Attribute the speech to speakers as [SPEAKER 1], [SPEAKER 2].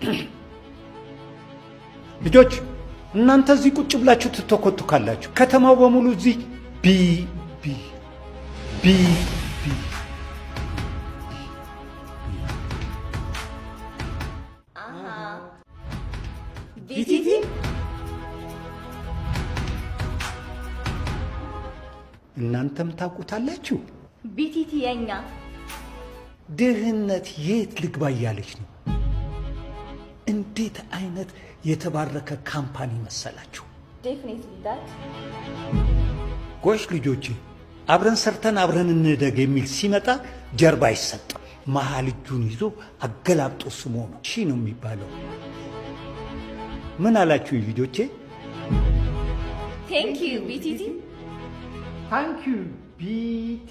[SPEAKER 1] ልጆች እናንተ እዚህ ቁጭ ብላችሁ ትተኮትካላችሁ። ከተማው በሙሉ እዚህ ቢ ቢ ቢ ቢ ቢቲቲ እናንተም ታውቁታላችሁ።
[SPEAKER 2] ቢቲቲ የኛ
[SPEAKER 1] ድህነት የት ልግባ እያለች ነው እንዴት አይነት የተባረከ ካምፓኒ መሰላችሁ! ጎሽ ልጆቼ፣ አብረን ሰርተን አብረን እንደግ የሚል ሲመጣ ጀርባ አይሰጥም። መሀል እጁን ይዞ አገላብጦ ስሞ ነው ሺ ነው የሚባለው። ምን አላችሁ ልጆቼ?
[SPEAKER 2] ቴንክ ዩ ቢቲቲ።
[SPEAKER 1] ዩ